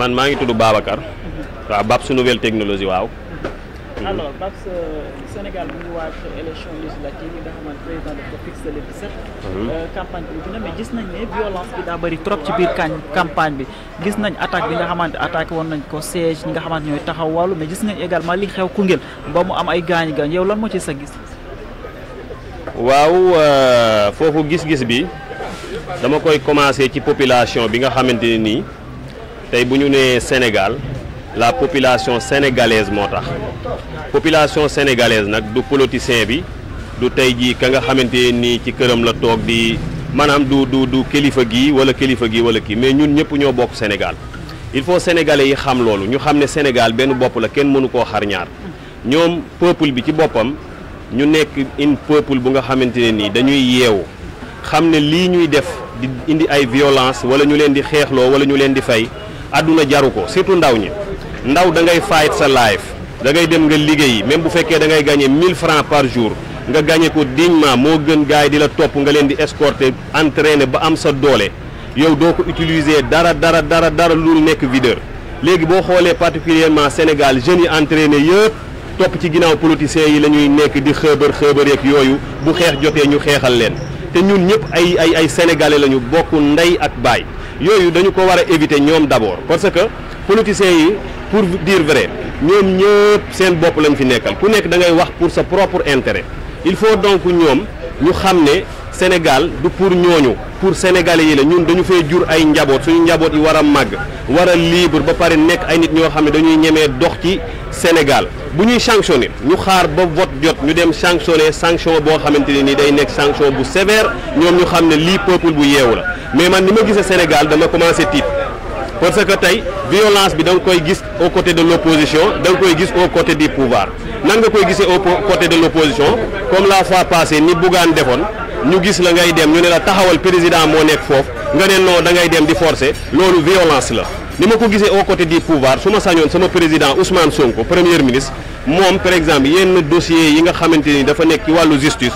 man maa ngi tudd Babacar. waaw Babs nouvelle technologie waaw. Mhm. alors Babs euh, Sénégal bu ñu waaj élection législative yi nga xamante président daf ko mhm. euh, bi daa bëri trop ci biir campagne bi gis nañ attaque bi nga xamante attaqué woon nañ ko siège ñi nga xamante ñooy taxaw wàllu mais gis nañ également li xew Koungheul ba mu am ay gaañ gaañ yow lan moo ci sa gis. waaw euh, foofu gis-gis bi dama koy commencé ci population bi nga xamante nii. tey bu ñu nee Sénégal la population sénégalaise moo tax population sénégalaise nag du politicien bi du tey jii ka nga xamante nii ci këram la toog di maanaam du du du kilifa gii wala kilifa gii wala kii mais ñun ñëpp ñoo bokk Sénégal il faut sénégalais yi xam loolu ñu xam ne Sénégal benn bopp la kenn mënu koo xarñaar ñoom peuple bi ci boppam ñu nekk une peuple bu nga xamante ne nii dañuy yeewu xam ne lii ñuy def di indi ay violence wala ñu leen di xeexloo wala ñu leen di fay aduna jaruko ko surtout ndaw ñi ndaw da ngay fight sa life da ngay dem nga liggéey même bu fekkee da ngay gagner 1000 francs par jour nga gagner ko dignement moo gën gars yi di la topp nga leen di escorter entraîner ba am sa doole yow doo ko utiliser dara dara dara dara lu nekk videur léegi boo xoolee particulièrement Sénégal jeunes yi entraîner yëpp topp ci ginnaaw politiciens yi la ñuy nekk di xëbër xëbër yeeg yooyu bu xeex jotee ñu xeexal leen te ñun ñëpp ay ay ay sénégalais lañu ñu bokk ndey ak baay. Nous devons éviter d'abord parce que politiciens pour dire vrai vérité, sommes seen bopp de fi pour propre intérêt il faut donc nous, ñu que le Sénégal du pour nous. pour sénégalais nous devons faire dañu fee à ay njaboot suñu devons yi libre ba ay Sénégal Si sanctionner ñu vote jot ñu dem sanctionner sanction boo xamante Nous ni sanction sévère peuple mais man ni ma gisee Sénégal dama commencé tiit parce que tey violence bi da nga koy gis au côté de l' opposition da koy gis au côté du pouvoir nan nga koy gisee au côté de l' opposition comme la fois passée ni Bougane defoon ñu gis la ngay dem ñu ne la taxawal président moo nekk foofu nga ne non da ngay dem di forcer loolu violence la ni ma ko gisee au côté du pouvoir su ma sañoon sama président Ousmane Sonko premier ministre moom par exemple yenn dossiers yi nga xamante ni dafa nekk ci wàllu justice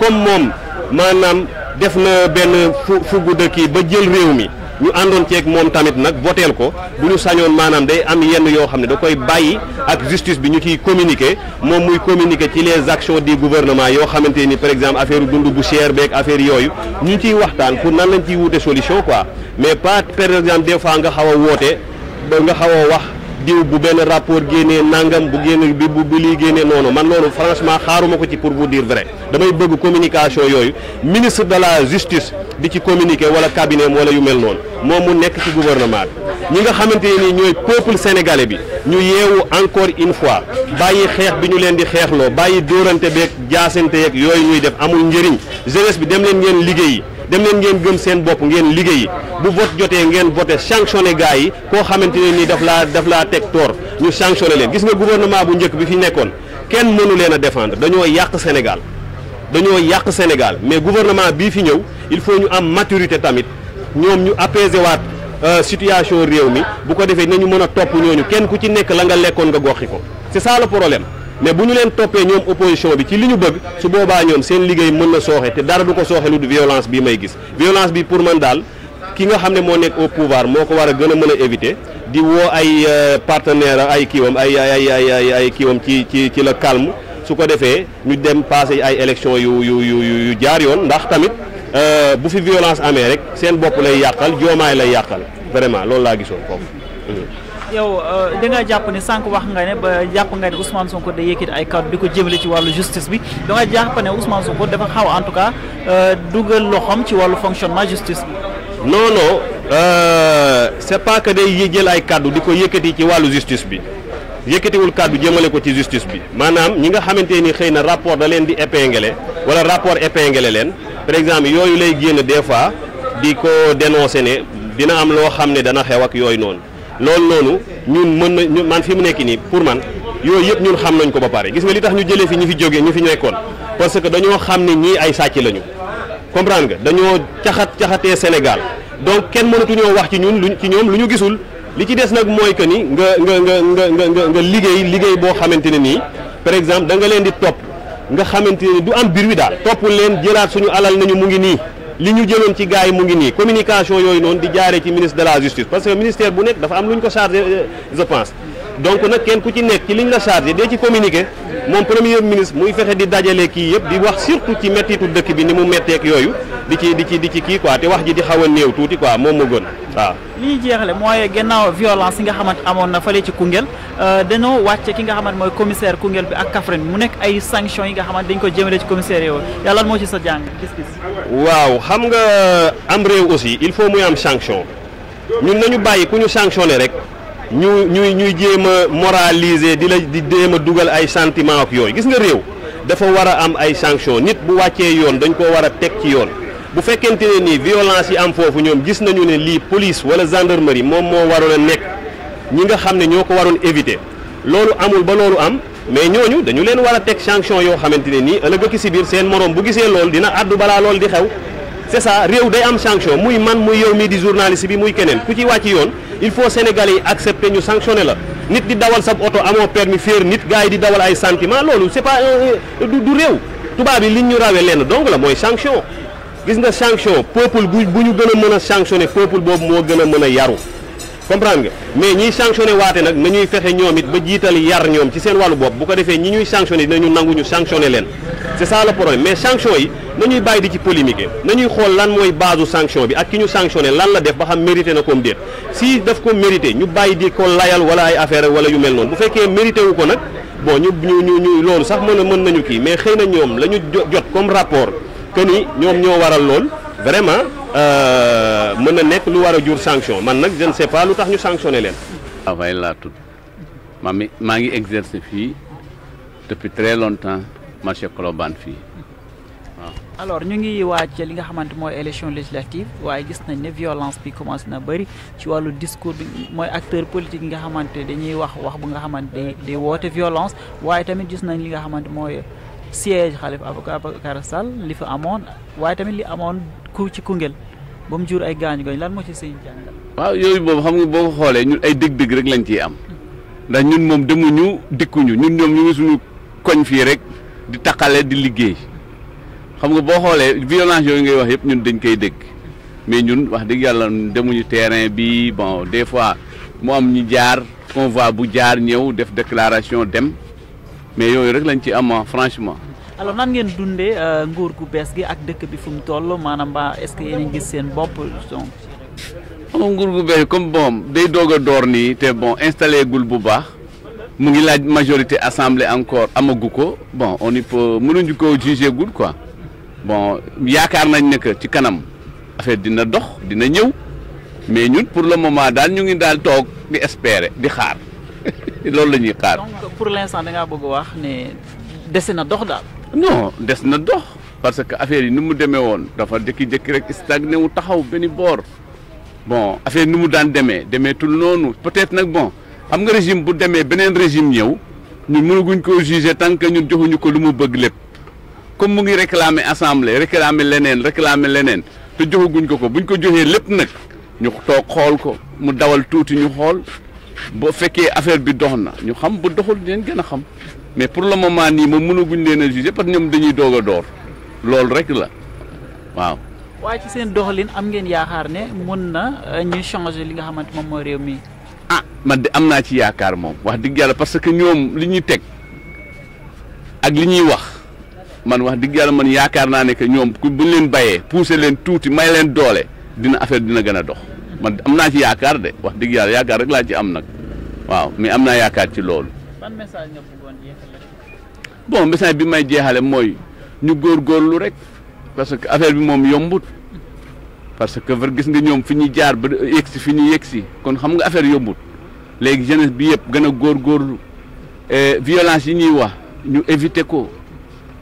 comme moom def na benn fu fugg de kii ba jël réew mi ñu àndoon ceeg moom tamit nag voteel ko bu ñu sañoon maanaam day am yenn yoo xam ne da koy bàyyi ak justice bi ñu ciy communiquer moom muy communique ci les actions di gouvernement yoo xamante ni par exemple affaire dund bu cher beeg affaire yooyu ñu ciy waxtaan pour nan lañ ciy wute solution quoi mais pas par exemple des fois nga xaw a woote nga xaw a wax. diw bu benn rapport génnee nangam bu génne bi bu bu lii génnee noonu man loolu franchement xaaruma ko ci pour vous dire vrai damay bëgg communication yooyu ministre de la justice di ci communiqué wala cabinet wala yu mel noonu moom mu nekk ci gouvernement bi ñi nga xamante ni ñooy peuple sénégalais bi ñu yeewu encore une fois bàyyi xeex bi ñu leen di xeexloo bàyyi dóorante beeg jaasante yeeg yooyu ñuy def amul njëriñ jeunesse bi dem leen ngeen liggéeyi dem leen ngeen gëm seen bopp ngeen liggéeyi bu vote jotee ngeen voté sanctionné gars ko koo ni daf la daf la tek toor ñu sanctionné len gis nga gouvernement bu ñeuk bi fi nekkon kenn mënu leena défendre dañoo yàq Sénégal dañoo yàq Sénégal mais gouvernement bi fi ñew il faut ñu am maturité tamit ñom ñu apaiser waat euh, situation réew mi bu ko defee nañu mëna top topp ñooñu kenn ku ci nekk la nga lekkoon nga goxiko c'est ça le problème mais bu ñu leen toppee ñoom opposition bi ci li ñu bëgg su boobaa ñoom seen liggéey mën na sooxe te dara du ko sooxe lu du violence bi may gis violence bi pour man daal ki nga xam ne moo nekk au pouvoir moo ko war a gën a mën a éviter di woo ay euh, partenaire ay kiiwam ay ay ay ay ay kiiwam ci ci ci la calme su ko defee ñu dem passé ay élection yu yu yu yu jaar yoon ndax tamit euh, bu fi violence amee rek seen bopp lay yàqal joomaay lay yàqal vraiment lool laa gisoon foofu mhm. yow euh, da nga jàpp ne sànq wax nga ne ba jàpp nga ne Ousmane Sonko da yëkkati ay kàddu di ko jëmale ci wàllu justice bi da nga jàpp ne Ousmane Sonko xaw en tout cas euh, dugal loxoom ci wàllu fonctionnement justice bi. non non euh, c'est pas que day jël ay kàddu di ko yëkkati ci wàllu justice bi yëkkatiwul kàddu jëmale ko ci justice bi maanaam ñi nga xamante ni xëy na rapport da leen di épinglé wala rapport épinglé leen par exemple yooyu lay génn des fois di ko dénoncer ne dina am loo xam ne dana xew ak yooyu noonu. loolu noonu ñun mën na ñu man fi mu nekk nii pour man yooyu yëpp ñun xam nañ ko ba pare gis nga li tax ñu jëlee fi ñu fi jógee ñu fi nekkoon parce que dañoo xam ne ñii ay sàcc lañu comprendre nga dañoo caxat caxatee Sénégal donc kenn mënatuñoo wax ci ñun luñ ci ñoom lu ñu gisul li ci des nag mooy que ni nga nga nga nga nga nga liggéey liggéey boo xamante ne nii par exemple da nga leen di topp nga xamante ne du am biir wi daal topp leen jëlaat suñu alal nañu mu ngi nii li ñu jëloon ci gars yi mu ngi nii communication yooyu noonu di jaare ci ministre de la justice parce que ministère bu nekk dafa am lu ñu ko chargé euh, je pense donc nag kenn ku ci nekk ci li liñ la chargé dee ci communiqué moom premier ministre muy fexe di dajale kii yëpp di wax surtout ci mettitu dëkk bi ni mu metteek yooyu di ci di ci di ci kii quoi te wax ji di xaw a néew tuuti quoi moom moo gën waaw li ñuy jeexale mooy gannaaw violence yi nga xamante amoon na fale ci Koungheul euh, dañoo wàcce ki nga xamante mooy commissaire Koungheul bi ak Kaffrine mu nekk ay sanctions yi nga xamante dañ ko jëmale ci commissaire yooyu yàlla moo ci sa jàng gis-gis waaw xam nga am réew aussi il faut muy am sanction ñun nañu bàyyi ku ñu sanctionné rek ñu ñuy ñuy jéem a moraliser di la di jéem a dugal ay sentiment ak yooyu gis nga réew dafa war a am ay sanction nit bu wàccee yoon dañ ko war a teg ci yoon bu fekkente ne ni violence yi am foofu ñoom gis nañu ne lii police wala gendarmerie moom moo waroon a nekk ñi nga xam ne ñoo ko waroon éviter loolu amul ba loolu am mais ñooñu dañu leen war a teg sanction yoo xamante ne nii ëllëg ci si biir seen morom bu gisee loolu dina addu balaa loolu di xew c'est ça réew day am sanction muy man muy yow mii di journaliste bi muy keneen ku ci wàcc yoon il faut sénégalais yi accepter ñu sanctionner la nit di dawal sa oto amoo permis féer nit gars yi di dawal ay sentiment loolu c'est pas euh, euh, du réew tubaab yi liñ ñu rawee lenn donc la mooy sanction gis nga sanction peuple bu bu ñu gën a mën a sanctionné peuple boobu moo gën a mën a yaru comprendre nga mais ñiy sanctionné waate nag na ñuy fexe ñoom it ba jiital yar ñoom ci seen wàllu bopp bu ko defee ñi ñuy sanctionné dinañu nangu ñu sanctionné leen c'est ça problème mais sanction yi nañuy bàyyi di ci na nañuy xool lan mooy base sanction bi ak ki ñu sanctionné lan la def ba xam mérité na koom déet si daf ko mérité ñu bàyyi di ko layal wala ay wala yu mel noonu bu fekkee mérité wu ko nag bon ñu ñu ñu loolu sax mën mën nañu kii mais xëy na ñoom la ñu jot comme rapport que ni ñoom ñoo waral lool vraiment euh mëna nek lu wara jur sanction man nak je ne sais pas lutax ñu sanctionner len travail ah, la tout mami ma ngi exercer fi depuis très longtemps marché colomban fi alors ñu ngi wacc li nga xamant moy élection législative waye gis nañ ne violence bi commencé na bari ci walu discours bi moy acteur politique nga xamanté dañuy wax wax bu nga xamanté day wote violence waye tamit gis nañ li nga xamante moy siège Khalifa Ababacar Sall li fa amoon waaye tamit li amoon ku ci Koungheul ba mu jur ay gaañu gaañ lan moo ci seen jàngal. waaw yooyu boobu xam nga boo xoolee ñun ay dëgg-dëgg rek lañ ciy am ndax ñun moom demuñu dikkuñu ñun ñoom ñu ngi suñu koñ fii rek di taqale di liggéey xam nga boo xoolee violence yooyu ngay wax yëpp ñun dañ koy dégg mais ñun wax dëgg yàlla demuñu terrain bi bon des fois mu am ñu jaar convoi bu jaar ñëw def déclaration dem. mais yooyu rek lañ ci am ah, franchement. alors nan ngeen dundee euh, nguur gu bees gi ak dëkk bi fu mu toll maanaam ba est-ce que yéen a gis seen bopp donc. nguur gu bees comme bon day doog a door nii te bon installé gul bu baax mu ngi laaj majorité assemblée encore amagu ko bon on y peut mënuñu ko jugé gul quoi bon yaakaar nañ ne que ci kanam affaire dina dox dina ñëw mais ñun pour le moment daal ñu ngi daal toog di espérer di xaar. loolu la ñuy xaar. donc pour l'instant da ngaa bëgg wax ne dese na dox daal. non des na dox parce que affaire yi ni mu demee woon dafa jëkki-jëkki rek stagné wu taxaw benn boor bon affaire yi ni mu daan demee demeetul noonu peut-être nag bon xam nga régime bu demee beneen régime ñëw ñu mënaguñ ko juger tant que ñun joxuñu ko lu mu bëgg lépp comme mu ngi réclamer assemblée réclamer leneen réclamer leneen te joxaguñ ko ko buñ ko joxee lépp nag ñu toog xool ko mu dawal tuuti ñu xool. boo fekkee affaire bi dox na ñu xam ba doxul leen gën a xam mais pour la moment nii moom mënaguñ leen a jugé parce ñoom dañuy doog a door loolu rek la waaw. waaye ci seen doxalin am ngeen yaakaar ne mun na euh, ñu changer li nga xamante moom mooy réew mi. ah man de am naa ci yaakaar moom wax dëgg yàlla parce que ñoom li ñuy teg ak li ñuy wax man wax dëgg yàlla man yaakaar naa ne que ñoom ku buñ leen bayee pousser leen tuuti may leen doole dina affaire dina gën a dox. man am naa ci yaakaar de wax dëgg yàlla yaakaar rek laa ci am nag waaw mais am naa yaakaar ci loolu. ban message nga bëggoon bon message bi may jeexale mooy ñu góor góorlu rek parce que affaire bi moom yombut parce que var gis nga ñoom fi ñuy jaar ba yegsi fi ñuy yegsi kon xam nga affaire yombut léegi jeunesse bi yëpp gën a góor góorgóorlu eh, violence yi ñuy wax ñu éviter ko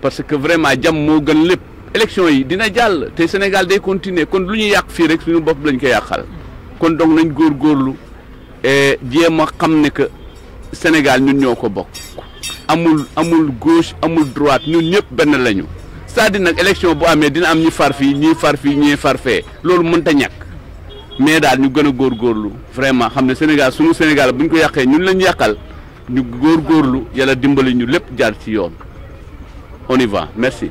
parce que vraiment jam moo gën lépp élection yi dina jàll te Sénégal day continuer kon lu ñu yàq fii rek suñu bopp lañ koy yàqal kon donc nañ góorgóorlu eh, jéem a xam ne que Sénégal ñun ñoo ko bokk amul amul gauche amul droit ñun ñëpp benn lañu c'est-à-dire nag élection bu amee dina am ñi far fii ñii far fii ñii far fee loolu mënta ñàkk mais daal ñu gën a góorlu vraiment xam ne Sénégal suñu Sénégal bu ñu ko yàqee ñun lañu yàqal ñu góor góorlu yalla dimbali ñu lépp jaar ci yoon on y merci.